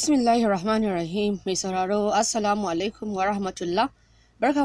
Bismillahi Rahmanir Rahim mai sauraro Assalamu alaikum wa rahmatullah.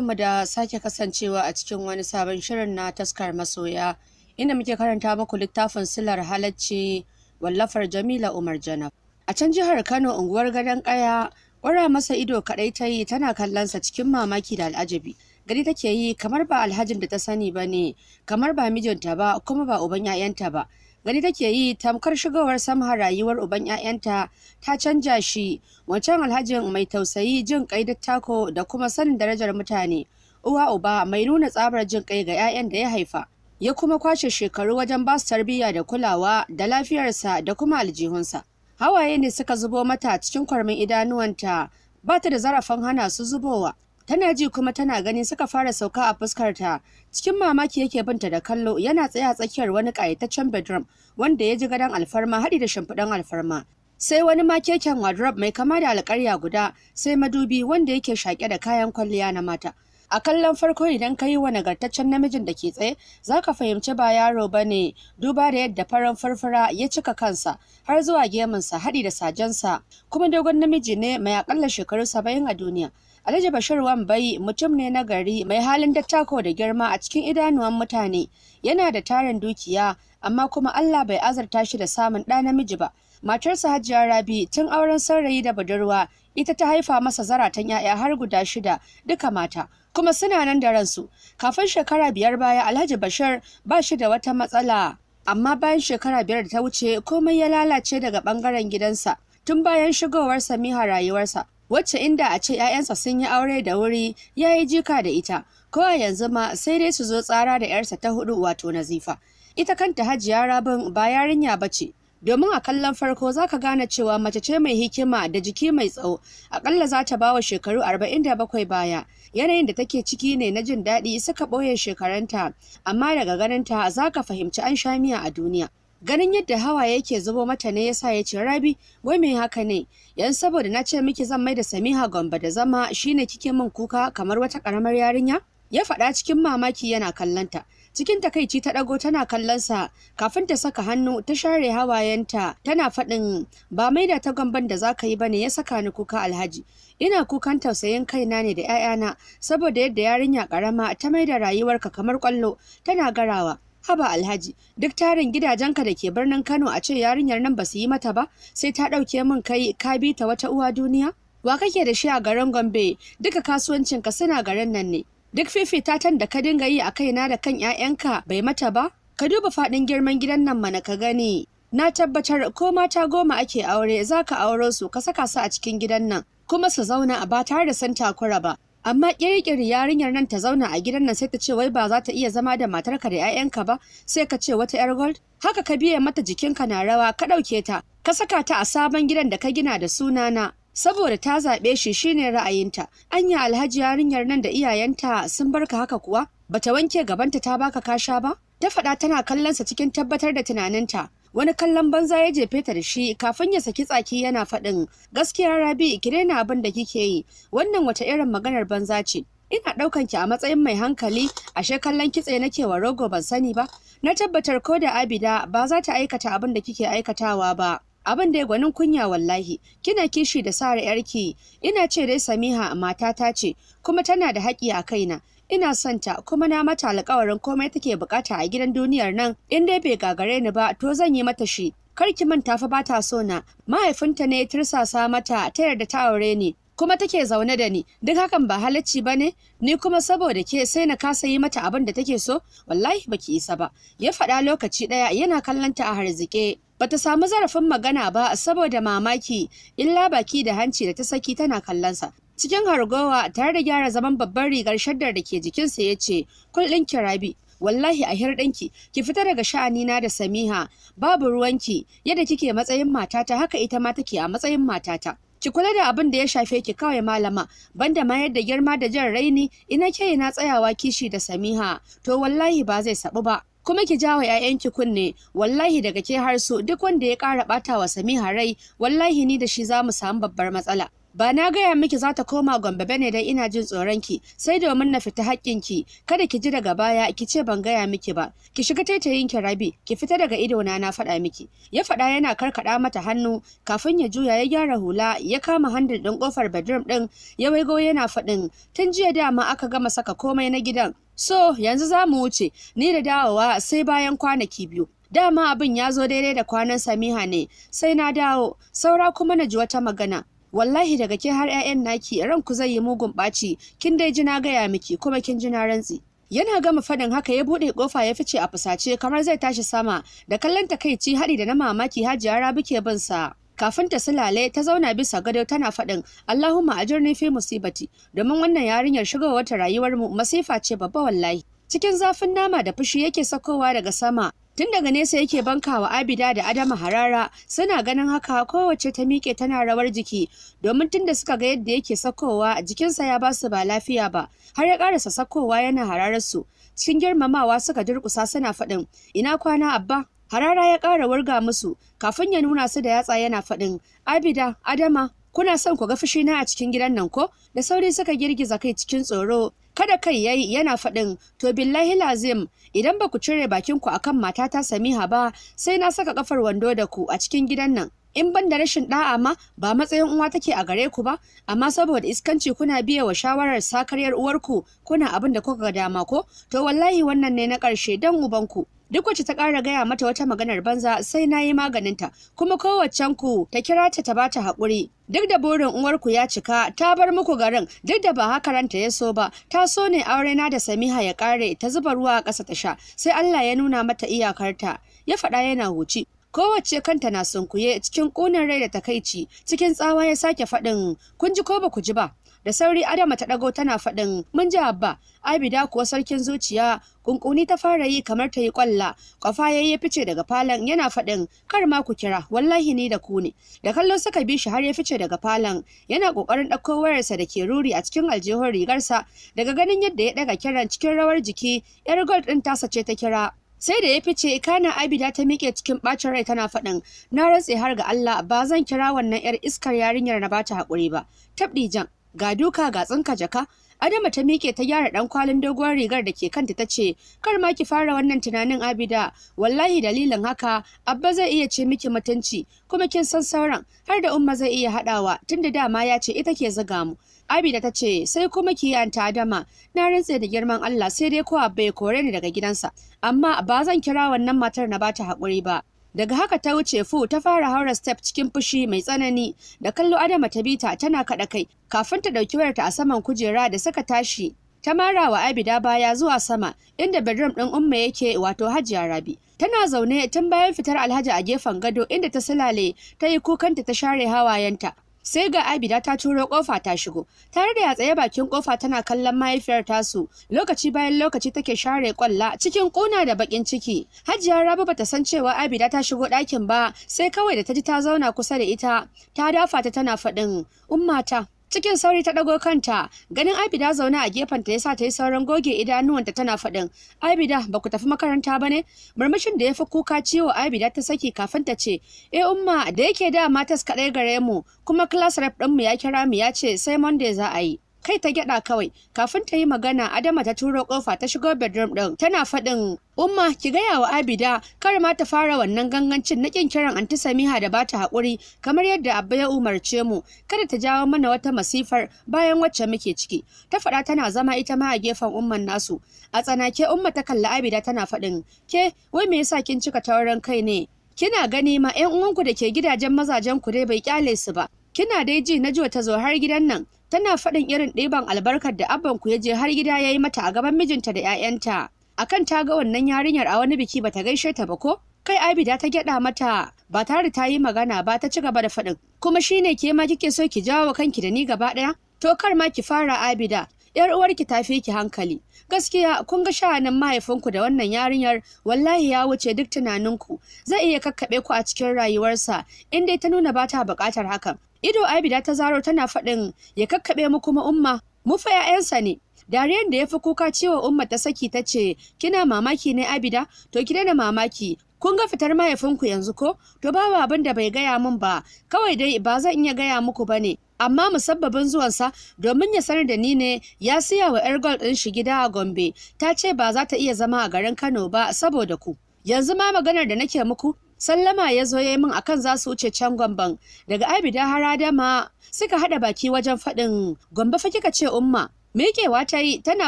mu da sake kasancewa a cikin wani sabon shirin na taskar masoya inda muke karanta muku littafin silar halacci wallafar Jamila Umar Janab. A can jihar Kano unguwar gadon kaya ƙwara masa ido kaɗai ta yi tana kallonsa cikin mamaki da al'ajabi. Gari take yi kamar ba alhajin da ta sani ba ne, kamar ba mijinta ba kuma ba uban 'ya'yanta ba. gani take yi tamkar shigowar samha rayuwar uban 'ya'yanta ta canja shi wancan alhaji mai tausayi jin kai tako da kuma sanin darajar mutane uwa uba mai nuna tsabar jin kai ga 'ya'yan da ya haifa ya kuma kwashe shekaru wajen ba su tarbiyya da kulawa da lafiyarsa da kuma aljihunsa hawaye ne suka zubo mata cikin kwarmin idanuwanta ba ta da zarafin hana su zubowa tana ji kuma tana gani suka fara sauka a fuskarta cikin mamaki yake binta da kallo yana tsaya a tsakiyar wani ƙayataccen bedroom wanda ya ji gadon alfarma haɗi da shimfiɗan alfarma sai wani ma keken wardrobe mai kama da alƙarya guda sai madubi wanda yake shaƙe da kayan kwalliya na mata a kallon farko idan ka yi wa nagartaccen namijin da ke tsaye za ka fahimci ba yaro ba ne duba da yadda farin farfara ya cika kansa har zuwa gemunsa haɗi da sajensa kuma dogon namiji ne mai aƙalla shekaru saba'in a duniya Alhaji Bashir Wambai mutum ne na gari mai halin dattako da girma a cikin idanuwan mutane. Yana da tarin dukiya amma kuma Allah bai azarta shi da samun ɗa namiji ba. Matarsa Hajiya Rabi tun auren saurayi da budurwa ita ta haifa masa zaratan 'ya'ya har guda shida duka mata. Kuma suna nan da ransu. Kafin shekara biyar baya Alhaji Bashir ba shi da wata matsala. Amma bayan shekara biyar da ta wuce komai ya lalace daga ɓangaren gidansa tun bayan shigowar Samiha rayuwarsa. wacce inda a ce 'ya'yansa sun yi aure da wuri ya yi jika da ita ko a yanzu ma sai dai su zo tsara da 'yarsa ta hudu wato nazifa ita kanta hajiya rabin ba yarinya ba ce domin a kallon farko za ka gane cewa mace ce mai hikima da jiki mai tsawo akalla za ta bawa shekaru 47 baya yanayin da take ciki ne na jin daɗi suka ɓoye shekarunta amma daga ganinta za ka fahimci an sha miya a duniya ganin yadda hawa yake zubo mata ne yasa ya ce rabi wai me haka ne yan saboda na ce miki zan mai da samiha gombe da zama shine kike min kuka kamar wata karamar yarinya ya faɗa cikin mamaki yana kallanta cikin takaici ta ɗago tana kallonsa kafin ta saka hannu ta share hawayenta tana faɗin ba da ta gamban da zaka yi bane ya saka ni kuka alhaji ina kukan tausayin kaina ne da 'ya'yana saboda yadda yarinya karama ta mai da rayuwarka kamar kwallo tana garawa haba alhaji duk tarin gidajenka da ke birnin kano a ce yarinyar nan ba su yi mata ba sai ta ɗauke min kai ka bi ta wata uwa duniya wa kake da shi a garin gombe duka kasuwancinka suna garin nan ne duk fifitatan da ka dinga yi a kaina da kan 'ya'yanka bai mata ba ka duba faɗin girman gidan nan mana ka gani na tabbatar ko mata goma ake aure za ka auro su ka saka su a cikin gidan nan kuma su zauna a ba tare da san takura ba amma kirkiri yarinyar nan ta zauna a gidan nan sai ta ce wai ba za ta iya zama da matarka da 'ya'yanka ba sai ka ce wata 'yar gold haka ka biya mata jikinka na rawa ka ɗauke ta ka saka ta a sabon gidan da ka gina da sunana saboda ta zaɓe shi shine ra'ayinta anya alhaji yarinyar nan da iyayenta sun barka haka kuwa bata wanke gabanta ta baka kasha ba ta faɗa tana kallonsa cikin tabbatar da tunaninta wani kallon banza ya jefe ta da shi kafin ya saki tsaki yana faɗin gaskiya rabi ki daina abin da kike yi wannan wata irin maganar banza ce ina ɗaukan ki a matsayin mai hankali ashe kallon kitse nake wa rogo ban sani ba na tabbatar ko da abida ba za ta aikata abin da kike aikatawa ba abin da ya gwanin kunya wallahi kina kishi da sare yarki ina ce dai samiha matata ce kuma tana da haƙi a kaina ina son ta kuma na mata alƙawarin komai take bukata a gidan duniyar nan in dai bai gagare ni ba to zan yi mata shi kar ki manta fa ba ta so na mahaifinta ne ya tirsasa mata ta yarda ta aure ni kuma take zaune da ni duk hakan ba halacci ba ne ni kuma saboda ke sai na kasa yi mata abin da take so wallahi baki isa ba ya faɗa lokaci ɗaya yana kallon ta a harzike bata samu zarafin magana ba saboda mamaki illa baki da hanci da ta saki tana kallonsa cikin hargowa tare da gyara zaman babban rigar shaddar da ke jikinsa ya ce kullum kirabi wallahi a hirɗinki ki fita daga sha'anina da samiha babu ruwanki yadda kike matsayin matata haka ita ma take a matsayin matata ki kula da abin da ya shafe ki kawai malama banda ma yadda girma da jan raini ina ke na tsayawa kishi da samiha to wallahi ba zai sabu ba kuma ki jawa 'ya'yanki kunne wallahi daga ke har su duk wanda ya ƙara ɓata wa samiha rai wallahi ni da shi za mu samu babbar matsala ba na gaya miki za ta koma Gombe bane dan ina jin tsoron ki sai domin na fita haƙƙinki, ki kada ki ji daga baya ki ce ban gaya miki ba ki shiga taitayin ki rabi ki fita daga ido na na faɗa miki ya faɗa yana karkaɗa mata hannu kafin ya juya ya gyara hula ya kama handil ɗin ƙofar bedroom ɗin ya waigo yana faɗin tun jiya dama aka gama saka komai na gidan so yanzu za mu wuce ni da dawowa sai bayan kwanaki biyu dama abin ya zo daidai da kwanan samiha ne sai na dawo saura kuma na ji wata magana wallahi daga ke har 'ya'yan naki ranku zai yi mugun ɓaci kin dai jina na gaya miki kuma kin jina rantsi yana gama fadin haka ya buɗe kofa ya fice a fusace kamar zai tashi sama da kallon takaici haɗi da na mamaki hajiya rabi ke bin sa kafin ta silale ta zauna bisa gado tana faɗin Allahumma ajirni fi musibati domin wannan yarinyar shigowar ta rayuwar mu masifa ce babba wallahi cikin zafin nama da fushi yake sakowa daga sama Tun daga nesa yake wa Abida da Adama harara suna ganin haka kowace ta miƙe tana rawar jiki domin tun da suka ga yadda yake sakowa jikinsa ya ba su ba lafiya ba har ya ƙarasa sakowa yana hararar su cikin girmamawa suka durƙusa suna faɗin ina kwana abba harara ya ƙara wurga musu kafin ya nuna su da yatsa yana faɗin Abida Adama kuna son ku ga fushina a cikin gidan nan ko da sauri suka girgiza kai cikin tsoro kada kai yayi yana faɗin to billahi lazim idan ba ku cire bakin ku akan matata Samiha ba sai na saka kafar wando da ku a cikin gidan nan in ban da rashin da'a ma ba matsayin uwa take a gare ku ba amma saboda iskanci kuna biya wa shawarar sakaryar uwarku kuna abin da kuka ga dama ko to wallahi wannan ne na ƙarshe dan ubanku duk wacce ta ƙara gaya mata wata maganar banza sai na yi maganinta kuma kowaccen ku ta kira ta ta bata haƙuri duk da burin uwarku ya cika ta bar muku garin duk da ba haka ranta ya so ba ta so ne aure na da samiha ya ƙare ta zuba ruwa a ƙasa ta sha sai Allah ya nuna mata iyakarta ya faɗa yana huci kowace kanta na sunkuye cikin ƙunin rai da takaici cikin tsawa ya sake faɗin kun ji ko ba ku ji ba da sauri adama ta ɗago tana faɗin mun ji abba abida kuwa sarkin zuciya kunkuni ta fara yi kamar ta yi kwalla kwafa ya yi fice daga falon yana faɗin kar ma ku kira wallahi ni da ku ne da kallo suka bi shi har ya fice daga falon yana kokarin ɗauko wayarsa da ke ruri a cikin aljihun rigarsa daga ganin yadda ya ɗaga kiran cikin rawar jiki yar gold ɗin tasa ce ta kira sai da ya fice kana abida ta miƙe cikin ɓacin rai tana faɗin na rantse har ga Allah ba zan kira wannan yar iskar yarinyar na bata haƙuri ba tabɗijan ga duka ga tsinka jaka Adama ta miƙe ta gyara ɗan kwalin doguwar rigar da ke kanta ta ce, Kar ma ki fara wannan tunanin Abida, wallahi dalilin haka, Abba zai iya ce miki mutunci, kuma kin san sauran, har da Umma zai iya haɗawa, tunda dama ya ce ita ke zuga mu. Abida ta ce, Sai kuma ki yi anta Adama, na rantse da girman Allah sai dai ko Abba ya kore ni daga gidansa, amma ba zan kira wannan matar na bata haƙuri ba. Daga haka ta wuce fu ta fara haura step cikin fushi mai tsanani da kallo Adama ta bita tana kaɗa kai kafin ta ɗauki wayarta a saman kujera da saka tashi ta mara wa Abida baya zuwa sama inda bedroom ɗin Umma yake wato Hajiya Rabi. Tana zaune tun bayan fitar Alhaji a gefen gado inda ta silale ta yi kukanta ta share hawayenta sai ga abida ta turo kofa ta shigo tare da ya tsaye bakin kofa tana kallon mahaifiyar tasu lokaci bayan lokaci take share kwalla cikin kuna da bakin ciki hajiya rabu bata san cewa abida ta shigo ɗakin ba sai kawai da ta ji ta zauna kusa da ita ta dafa ta tana faɗin ummata cikin sauri ta ɗago kanta ganin abida zaune a gefen ta yasa ta yi sauran goge idanuwanta tana faɗin abida ba ku tafi makaranta ba ne murmushin da ya fi kuka ciwo abida ta saki kafin ta ce e umma da yake da matas kaɗai gare mu kuma class rep ɗinmu ya kira mu ya ce sai monday za a yi kai ta gyada kawai kafin ta yi magana adama ta turo kofa ta shigo bedroom din tana faɗin umma ki gaya wa abida kar ma ta fara wannan gangancin na kin kiran anti samiha da bata haƙuri kamar yadda abba ya umarce mu kada ta jawo mana wata masifar bayan wacce muke ciki ta faɗa tana zama ita ma a gefen umman nasu a tsanake umma ta kalla abida tana faɗin ke wai me yasa kin cika taurin kai ne kina gani ma 'yan uwanku da ke gidajen mazajen ku dai bai kyale su ba Kina dai ji na ta zo har gidan nan, tana faɗin irin ɗiban albarkar da abban ku ya je har gida ya yi mata a gaban mijinta da 'ya'yanta. Akan ta ga wannan yarinyar a wani biki bata gaishe ta ba ko? Kai Abida ta gyaɗa mata ba tare ta yi magana ba ta ci gaba da faɗin. Kuma shine ke ma kike so ki jawo kanki da ni gaba ɗaya? To kar ma ki fara Abida, yar uwarki ta fi ki hankali gaskiya kun ga sha'anin mahaifinku da wannan yarinyar wallahi ya wuce duk tunaninku zai iya kakkaɓe ku a cikin rayuwarsa in dai ta nuna ba ta buƙatar hakan ido abida ta zaro tana faɗin ya kakkaɓe mu kuma umma mu fa 'ya'yansa ne dariyar da ya fi kuka cewa umma ta saki ta ce kina mamaki ne abida to ki da mamaki kun ga fitar mahaifinku yanzu ko to babu abin da bai gaya min ba kawai dai ba zan iya gaya muku ba ne amma musabbabin zuwansa domin ya sanar da ni ne ya siya wa yar ɗin shi gida a gombe ta ce ba za ta iya zama a garin kano ba saboda ku yanzu ma maganar da nake muku sallama ya zo ya yi min akan za su wuce can gwamban daga abida haradama suka haɗa baki wajen faɗin gwamba fa kika ce umma Mikewa ta yi tana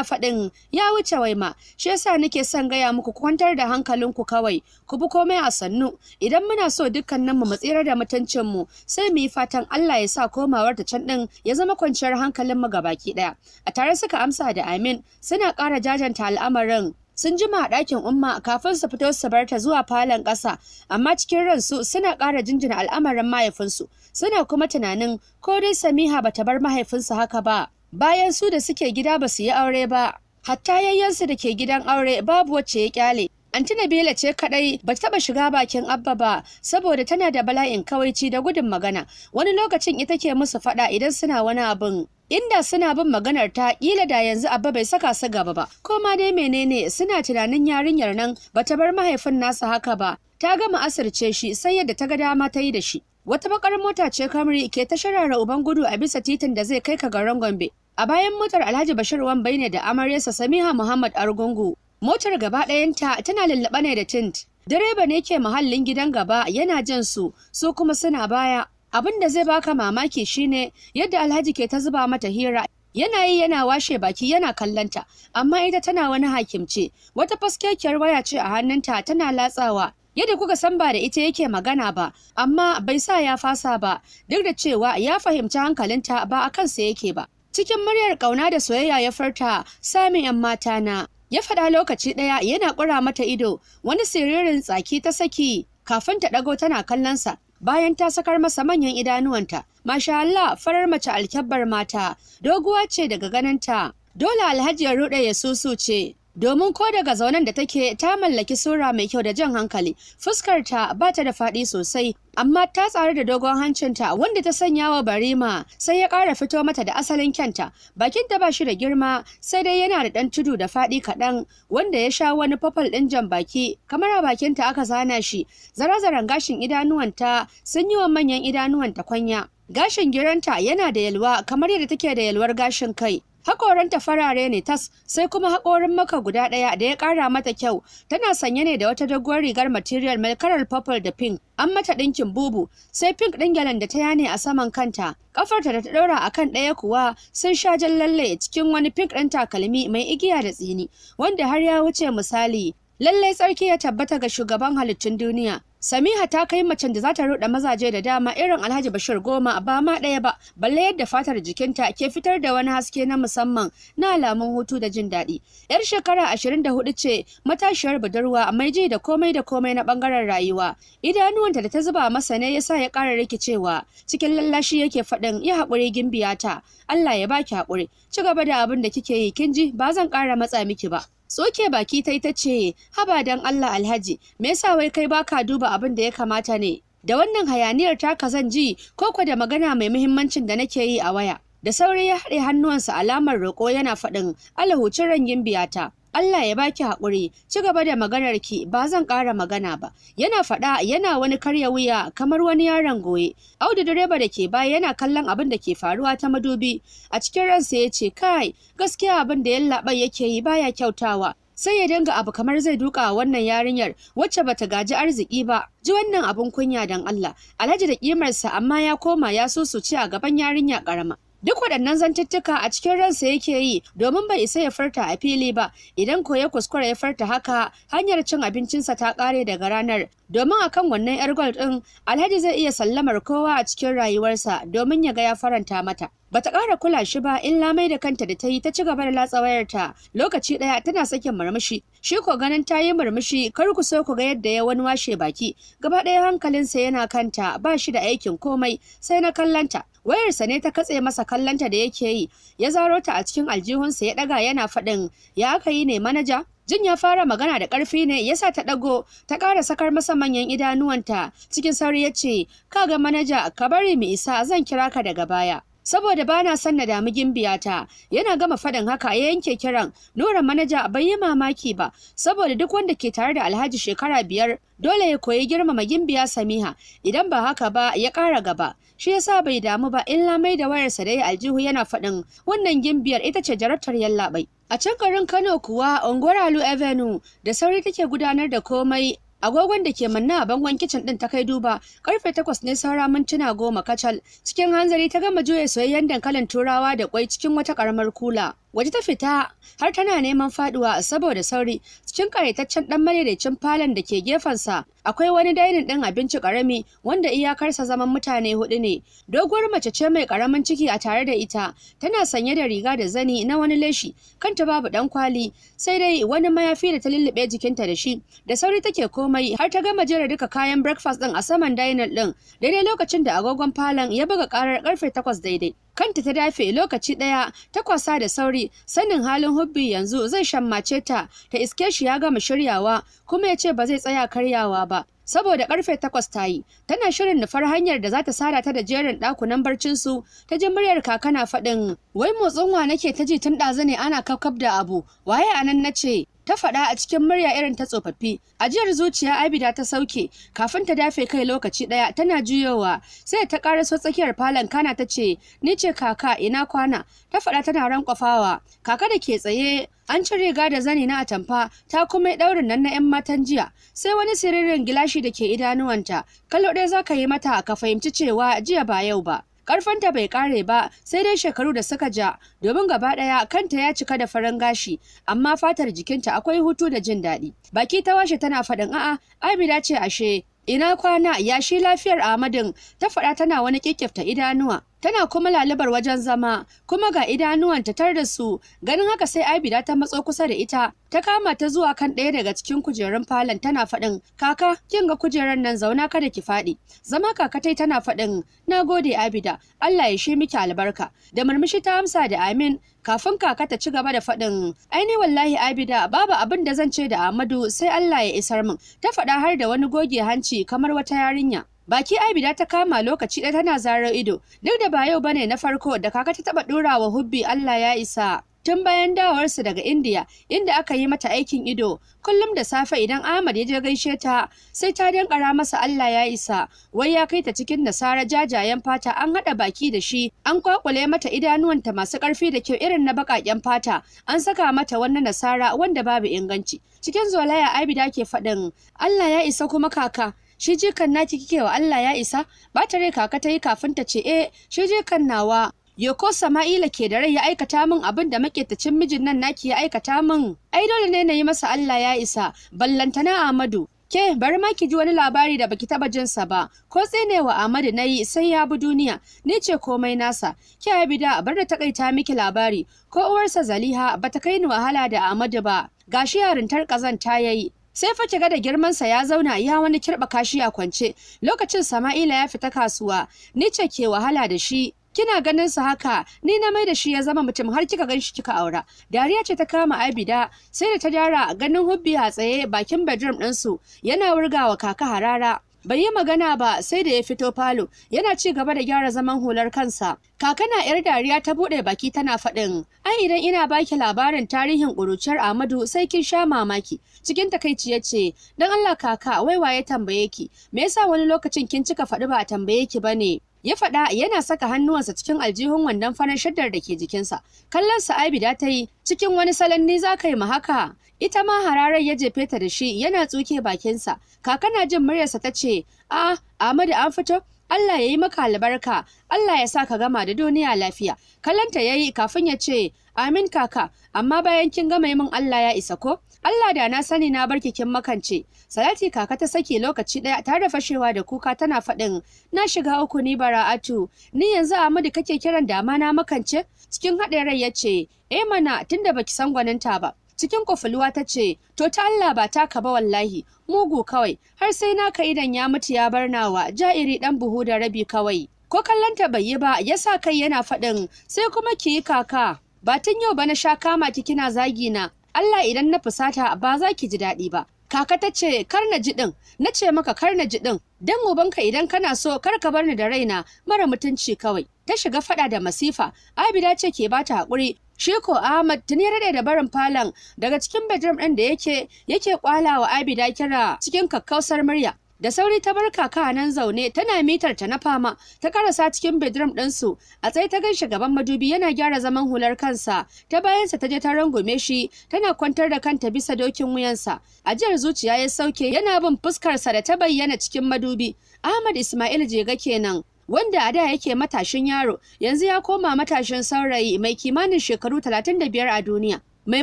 faɗin ya wuce wai ma. shi yasa nake son gaya muku kwantar da hankalinku kawai, ku bi komai a sannu, idan muna so dukkanin mu tsira da mutuncin mu sai mu yi fatan Allah ya sa komawar ta can ɗin ya zama kwanciyar hankalin mu baki ɗaya. A tare suka amsa da amin, suna ƙara jajanta al'amarin sun jima a ɗakin umma kafin su fito su barta zuwa falon ƙasa amma cikin ransu suna ƙara jinjina al'amarin mahaifinsu suna kuma tunanin ko dai samiha bata bar mahaifinsu haka ba bayan su da suke gida ba su yi aure ba hatta yayyansu da ke gidan aure babu wacce ya ƙyale. Antina Bela ce kadai ba ta taba shiga bakin Abba ba saboda tana da bala'in kawaici da gudun magana. Wani lokacin ita ke musu fada idan suna wani abin. Inda suna bin maganar ta kila da yanzu abba bai saka su gaba ba. ko ma dai menene suna tunanin yarinyar nan bata bar mahaifin nasa haka ba. Ta gama asirce shi sai yadda ta ga dama ta yi da shi. Wata bakar mota ce kamri ke ta sharara uban gudu a bisa titin da zai kai ka garin Gombe. A bayan motar Alhaji Bashir Wambai ne da amaryarsa Samiha Muhammad Argungu motar gaba ɗayanta tana lallaɓa ne da tint direba ne ke muhallin gidan gaba yana jan su su kuma suna baya abin da zai baka mamaki shine yadda alhaji ke ta zuba mata hira yana yi yana washe baki yana kallanta amma ita tana wani hakimce wata faskekiyar waya ce a hannunta tana latsawa yadda kuka san ba da ita yake magana ba amma bai sa ya fasa ba duk da cewa ya fahimci hankalinta ba a kansa yake ba cikin muryar kauna da soyayya ya furta sami yan mata na ya faɗa lokaci ɗaya yana ƙura mata ido wani siririn tsaki ta saki kafin ta ɗago tana kallonsa bayan ta sakar masa manyan idanuwanta masha Allah farar mace alkyabbar mata doguwa ce daga ganinta dole alhaji ya ruɗe ya susu ce domin ko daga zaunen da take ta mallaki sura mai kyau da jan hankali fuskarta ba ta da faɗi sosai amma ta tsare da dogon hancinta wanda ta sanya wa barima sai ya kara fito mata da asalin kyanta bakinta ba shi da girma sai dai yana da ɗan tudu da faɗi kaɗan wanda ya sha wani fafal ɗin jan baki kamar a ta aka zana shi zarazaran gashin idanuwanta sun yi wa manyan idanuwanta kwanya gashin giranta yana da yalwa kamar yadda take da yalwar gashin kai hakoranta farare ne tas sai kuma hakorin maka guda ɗaya da ya ƙara mata kyau tana sanye ne da wata doguwar rigar material mai kalar purple da pink an mata ɗinkin bubu sai pink ɗin gyalen da ta yane a saman kanta ƙafarta da ta ɗora a kan ɗaya kuwa sun sha jan lalle cikin wani pink ɗin takalmi mai igiya da tsini wanda har ya wuce misali lallai tsarki ya tabbata ga shugaban halittun duniya Samiha ta kai macen da za ta ruɗa mazaje da dama irin Alhaji Bashir Goma ba ma ɗaya ba, balle yadda fatar jikinta ke fitar da wani haske na musamman na alamun hutu da jin daɗi. Yar shekara ashirin da hudu ce matashiyar budurwa mai ji da komai da komai na bangaren rayuwa. Idanuwanta da ta zuba masa ne yasa ya ƙara rikicewa. Cikin lallashi yake faɗin ya haƙuri gimbiya ta. Allah ya baki haƙuri. Ci gaba da abin da kike yi kin ji ba zan ƙara matsa miki ba. Soke baki ta ita ce, haba dan Allah alhaji, me yasa wai kai baka duba abin da ya kamata ne? Da wannan hayaniyar taka zan ji koko da magana mai muhimmancin da nake yi a waya. Da sauri ya haɗe hannuwansa alamar roƙo yana faɗin alahucin rangin biyata. Allah ya baki haƙuri, ci gaba da maganar ki ba zan ƙara magana ba. Yana faɗa yana wani karya wuya kamar wani yaron goye. Audu direba da ke baya yana kallon abin da ke faruwa ta madubi. A cikin ransa ya ce kai gaskiya abin da yallaɓai yake yi baya kyautawa. sai ya dinga abu kamar zai duka wannan yarinyar wacce bata gaji arziki ba ji wannan abin kunya dan Allah alhaji da kimarsa amma ya koma ya susuce a gaban yarinya karama Duk waɗannan zantuttuka a cikin ransa yake yi domin bai isa ya farta a fili ba idan koya ya kuskura ya farta haka hanyar cin abincinsa ta ƙare daga ranar domin akan wannan yar gold ɗin Alhaji zai iya sallamar kowa a cikin rayuwarsa domin ya ga ya faranta mata. Bata ƙara kula shi ba in lamai da kanta da ta yi ta ci gaba da latsa wayarta lokaci ɗaya tana sakin murmushi shi ko ganin ta yi murmushi kar ku so ku ga yadda ya wani washe baki gaba ɗaya hankalinsa yana kanta ba shi da aikin komai sai na kallanta wayarsa ne ta katse masa kallonta da yake yi ya zaro ta a cikin aljihunsa ya daga yana faɗin ya aka yi ne manaja Jin ya fara magana da ƙarfi ne yasa ta ɗago ta ƙara sakar masa manyan idanuwanta cikin sauri ya ce, 'Ka ga manaja ka bari mu isa zan kira ka daga baya. saboda bana son na damu gimbiya ta, yana gama faɗin haka ya yanke kiran nura manaja bai yi mamaki ba saboda duk wanda ke tare da alhaji shekara biyar dole ya koyi girmama gimbiya samiha idan ba haka ba ya ƙara gaba shi yasa bai damu ba In lamai da wayarsa da ya aljihu yana faɗin wannan gimbiyar ita ce jarabtar yallaɓai a can garin kano kuwa ongoralu avenue da sauri take gudanar da komai agogon da ke manna a bangon kicin din ta kai duba karfe takwas ne saura mintuna goma kacal cikin hanzari ta gama juya soyayyen dankalin turawa da kwai cikin wata karamar kula waje ta fita har tana neman faduwa saboda sauri cikin kayataccen dan madaidaicin falon da ke gefensa akwai wani dainin din abinci karami wanda iyakarsa zaman mutane hudu ne doguwar mace ce mai karamin ciki a tare da ita tana sanye da riga da zani na wani leshi kanta babu dan kwali sai dai wani mayafi da ta lullube jikinta da shi da sauri take komai har ta gama jera duka kayan breakfast din a saman dainin din daidai lokacin da agogon falon ya buga karar karfe takwas daidai kanta ta dafe lokaci ɗaya ta kwasa da sauri sanin halin hubbi yanzu zai shammace ta ta iske shi ya gama shiryawa kuma ya ce ba zai tsaya karyawa ba saboda karfe takwas ta yi tana shirin nufar hanyar da za ta sada ta da jerin ɗakunan barcinsu ta ji muryar kakana faɗin wai motsin wa nake ta ji tun ɗazu ne ana kafkaf da abu waye anan na ce ta faɗa a cikin murya irin ta tsofaffi ajiyar zuciya abida ta sauke kafin ta dafe kai lokaci ɗaya tana juyowa sai ta ƙaraso tsakiyar falon kana ta ce ni ce kaka ina kwana ta faɗa tana rankwafawa kaka da ke tsaye an ci riga da zani na atamfa ta kuma ɗaurin nan na 'yan matan jiya sai wani siririn gilashi da ke idanuwanta kallo ɗaya za ka yi mata ka fahimci cewa jiya ba yau ba Karfanta bai kare ba sai dai shekaru da suka ja domin gaba daya kanta ya cika da farin gashi amma fatar jikinta akwai hutu da jin daɗi. Baki ta washe tana faɗin a'a Abida ce ashe ina kwana yashi lafiyar Amadun. ta faɗa tana wani kikkifta idanuwa tana kuma lalibar wajen zama kuma ga idanuwan ta tar da su ganin haka sai abida ta matso kusa da ita ta kama ta zuwa kan ɗaya daga cikin kujerun falon tana faɗin kaka kin ga kujerar nan zauna kada ki faɗi zama kakatai tana faɗin na gode abida allah ya shi miki albarka da murmushi ta amsa da amin kafin kaka ta ci gaba da faɗin aini wallahi abida babu abin da zan ce da amadu sai allah ya isar min ta faɗa har da wani goge hanci kamar wata yarinya Baki Abida ta kama lokaci ɗaya tana zarar ido, duk da ba yau bane na farko da kaka ta taba ɗora wa hubbi Allah ya isa. Tun bayan dawarsa daga Indiya, inda aka yi mata aikin ido, kullum da safe idan Ahmad ya je gaishe ta, sai ta dankara masa Allah ya isa, wai ya kai ta cikin nasara jajayen fata an haɗa baki da shi, an kwakwale mata idanuwanta masu ƙarfi da kyau irin na baƙaƙen fata, an saka mata wannan nasara wanda babu inganci. Cikin zolaya Abida ke faɗin, Allah ya isa kuma kaka, shi jikan naki kike wa Allah ya isa ba ta rai kaka ta yi kafin ta ce eh shi jikan nawa Yoko Sama'ila ke da rai ya aikata min abin da maƙetacin mijin nan naki ya aikata min. Ai dole ne na yi masa Allah ya isa, ballantana Ahmadu, Ke bari ma ki ji wani labari da baki taba jin sa ba. Ko tsenewa Ahmadu yi sai ya bi duniya. Ni ce komai nasa. Ki abi da bar da takaita miki labari. Ko uwarsa Zaliha bata kai ni wahala da Ahmadu ba. Gashi yarintar kazan ta yayi. sai fa ga da sa ya zauna iya wani kirba kashi a kwance lokacin sama'ila ya fita kasuwa ni ce ke wahala da shi kina ganin sa haka ni na mai da shi ya zama mutum har kika ganshi shi kika aura dariya ce ta kama abida sai da ta gyara ganin hubbi a tsaye bakin bedroom ɗinsu yana wurgawa kaka harara bai yi magana ba sai da ya fito falo yana ci gaba da gyara zaman hular kansa kakana yar dariya ta bude baki tana faɗin ai idan ina baki labarin tarihin ƙuruciyar amadu sai kin sha mamaki cikin takaici ya ce don allah kaka wai waye tambaye ki me yasa wani lokacin kin cika faɗi ba a tambaye ki ba ne ya faɗa yana saka hannuwansa cikin aljihun wandon farin shaddar da ke jikinsa kallon sa'abi da ta yi cikin wani salon ni za ka yi ma haka ita ma hararar ya jefe ta da shi yana tsuke bakinsa kaka na jin muryarsa ta ce a Amadu, an fito Allah ya yi maka albarka Allah ya sa ka gama da duniya lafiya kalanta ya yi kafin ya ce amin kaka amma bayan kin gama min Allah ya isa ko Allah da na sani na bar kikin makance salati kaka ta saki lokaci daya tare da fashewa da kuka tana faɗin na shiga uku ni bara'atu ni yanzu Amadu, kake kiran ma na makance cikin haɗe rai ya ce eh mana tunda baki san gwaninta ba cikin kofuluwa ta ce to ta Allah ba ta ka ba wallahi mugu kawai har sai naka idan ya mutu ya bar barnawa ja'iri dan buhu da rabi kawai ko kallonta bai yi ba yasa kai yana faɗin sai kuma ki yi kaka ba tun yau ba na sha kama ki kina zagi na Allah idan na fusata ba za ki ji daɗi ba kaka ta ce kar na ji ɗin na ce maka kar na ji ɗin dan ubanka idan kana so kar ka bar ni da raina mara mutunci kawai ta shiga fada da masifa abida ce ke bata haƙuri Shiko Ahmad tuni ya daɗe da barin falon daga cikin bedroom ɗin da yake yake kwalawa Abida kira cikin kakkausar murya. Da sauri ta bar kaka nan zaune tana mitar ta na fama ta karasa cikin bedroom su a tsaye ta ganshi gaban madubi yana gyara zaman hular kansa ta bayansa ta je ta rungume shi tana kwantar da kanta bisa dokin wuyansa ajiyar zuciya ya sauke yana bin fuskarsa da ta bayyana cikin madubi Ahmad Ismail Jega kenan wanda a da yake matashin yaro yanzu ya koma matashin saurayi mai kimanin shekaru 35 a duniya mai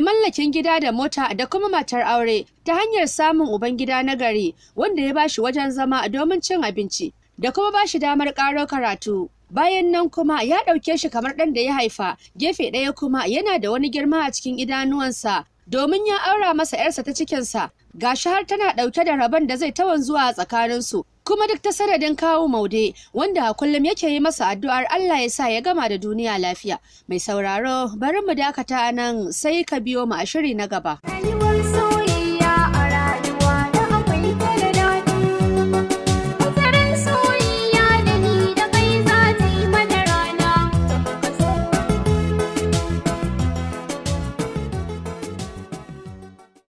mallakin gida da mota da kuma matar aure ta hanyar samun uban gida na gari wanda ya bashi wajen zama domin cin abinci da kuma bashi damar karo karatu bayan nan kuma ya ɗauke shi kamar ɗan da ya haifa gefe ɗaya kuma yana da wani girma a cikin idanuwansa domin ya aura masa 'yarsa ta cikinsa gashi har tana ɗauke da rabon da zai tawon zuwa tsakaninsu kuma duk ta sanadin kawo maude wanda a kullum yake yi masa addu'ar Allah ya sa ya gama da duniya lafiya mai sauraro bari mu dakata nan sai ka biyo mu a shiri na gaba